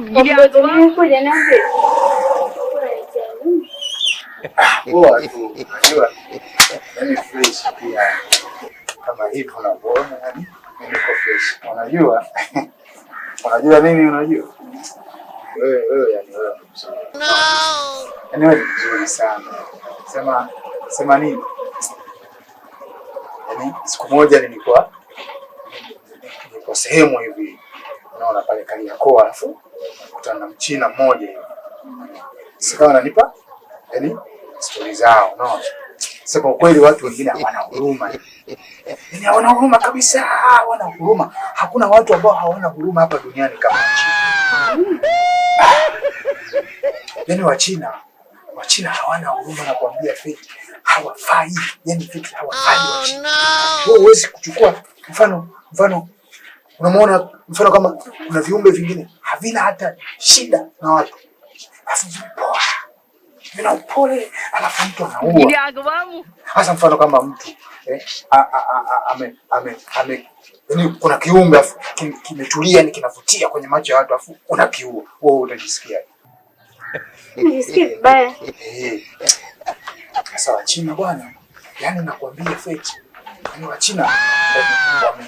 kama hivi unavyoona, unajua unajua mimi, unajua wewe wewe, yani wewe ni mzuri, sana. Sema sema nini, yani siku moja nilikuwa nilikuwa sehemu hivi, unaona pale Kariakoo, alafu kukutana na mchina mmoja hivi, sikawa ananipa yani stori zao, no. Sasa kwa kweli watu wengine hawana huruma, yani hawana huruma kabisa, hawana huruma. Hakuna watu ambao hawana huruma hapa duniani kama Wachina. Yani Wachina, Wachina hawana huruma na kuambia feki hawafai, yani feki hawafai oh, Wachina. Wewe huwezi kuchukua mfano, mfano unamwona mfano kama kuna viumbe vingine havina hata shida na watu, alafu vipoa vina upole, alafu mtu anaua. Hasa mfano kama mtu eh, ame, ame, ame, kuna kiumbe afu kimetulia ni kinavutia kwenye macho ya watu afu unakiua, wewe utajisikia nisikie vibaya. Eh, eh. Sasa Wachina bwana, yani nakwambia feti, yani Wachina eh, wame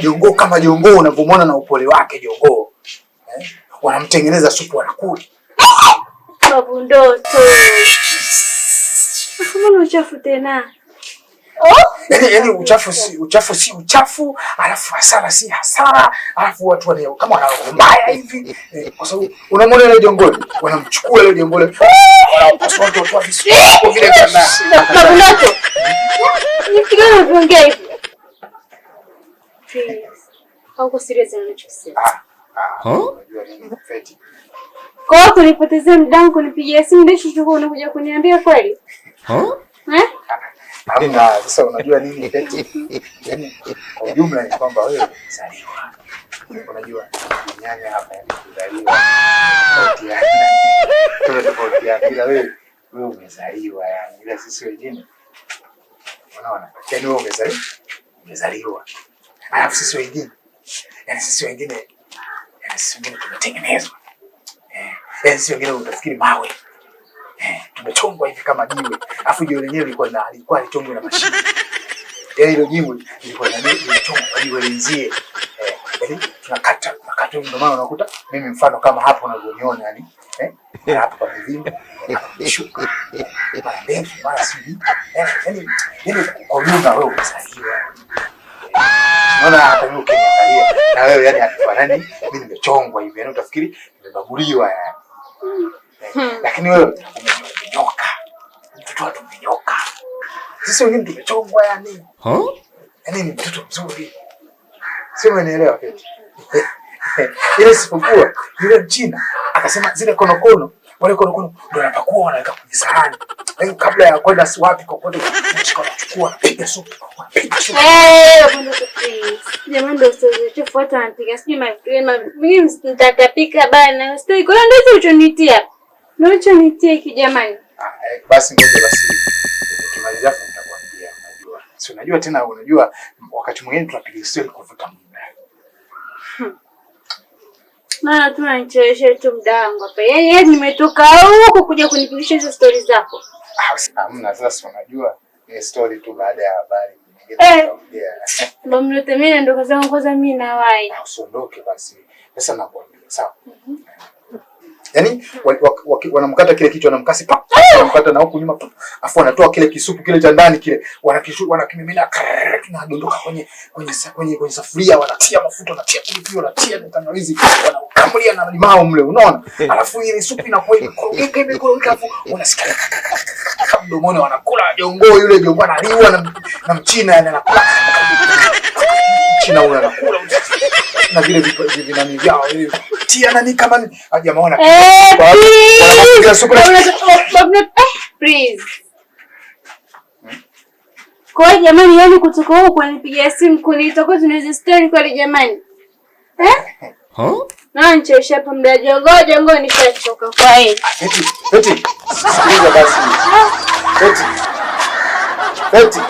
Jongoo kama jongoo unavyomwona na upole wake jongoo eh? Wanamtengeneza supu wanakula. Babu ndoto. Mbona uchafu tena? Oh? Yaani yaani uchafu si uchafu si uchafu, alafu hasara si hasara, alafu watu wale kama mbaya hivi. Eh, kwa sababu unamwona ile jongole wanamchukua ile jongoo ile. Wanampasua watu kwa vile kana. Babu ndoto. Nifikiri ni hivi. Hauko serious na unachokisema. Ah. Ah. Kwa hiyo kunipotezea muda wangu kunipigia simu ndio chuchu unakuja kuniambia kweli? Huh? Eh? sasa unajua nini yaani, yaani kwa jumla ni kwamba wewe Unajua nyanya hapa kuzaliwa. Sauti yake. wewe wewe umezaliwa yani ila sisi wengine. Unaona? Yaani wewe umezaliwa. Umezaliwa. Alafu sisi wengine yani, sisi wengine yani, sisi wengine tumetengenezwa eh, yani sisi wengine utafikiri mawe eh, tumechongwa hivi kama jiwe, alafu jiwe lenyewe lilikuwa na lilikuwa lichongwe na mashine yani, ile jiwe lilikuwa na limechongwa jiwe lenzie eh, yani tunakata tunakata, ndio maana unakuta mimi mfano kama hapo unavyoniona yani eh hapo kwa vivimbe mara ndefu mara sijui eh, yani, yani kwa jumla wewe umesaidiwa Unaona hata mimi ukiniangalia na wewe yani hatufanani. Mimi nimechongwa hivi yani utafikiri nimebaguliwa yani. Hmm. Lakini wewe umenyoka. Mtoto wa tumenyoka. Sisi wengine tumechongwa yani. Huh? Yaani ni mtoto mzuri. Sio unaelewa kitu. Ile sipokuwa yule mchina akasema zile konokono wale konokono ndio wanapakua wanaweka kwenye sahani. Lakini kabla ya kwenda si wapi kokote, unachukua napiga supu. Jamani, ndo sio watu wanapiga sijui mtatapika ndo uchonitia hiki jamani. Basi ngoja basi, ukimaliza afu nitakwambia. Unajua si unajua tena, unajua wakati mwingine tunapiga stori kuvuta muda, maana tu tu muda wangu hapa. Yaani yeye yaani nimetoka huko kuja kunipigisha hizo stori zako. Ah, hamna. Sasa unajua ni stori tu baada ya habari Eh, ndo mlete mimi ndo kazi yangu kwanza mimi na wai. Usiondoke basi. Sasa nakwambia, sawa? Mhm. Yaani wanamkata kile kichwa na mkasi pa. Wanamkata na huku nyuma. Afu wanatoa kile kisupu kile cha ndani kile. Wanakishu wanakimimina kinadondoka kwenye kwenye kwenye kwenye safuria wanatia mafuta wanatia pilipili wanatia na tangawizi wanakamulia na limao mle unaona? Eh. Alafu ile supu inakuwa imekorogeka imekorogeka unasikia anakaa mdomoni, wanakula jongoo, yule jongoo analiwa na, na mchina yani anakula mchina ule anakula na vile vinani vyao hivi tia nani kama ah, jamaa eh, kwa jamani, yani kutoka huko kunipigia simu kuniita kwa tunaweza stand kwa jamani, eh huh? Na nchesha hapa mda jongo jongo nishachoka kwa hii. Ah, eti eti sikiliza basi. Ah. Eti. Eti.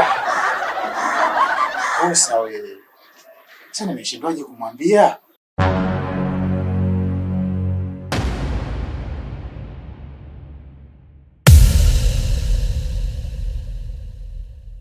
Ah. Wewe sawa wewe. Sasa nimeshindwaje kumwambia?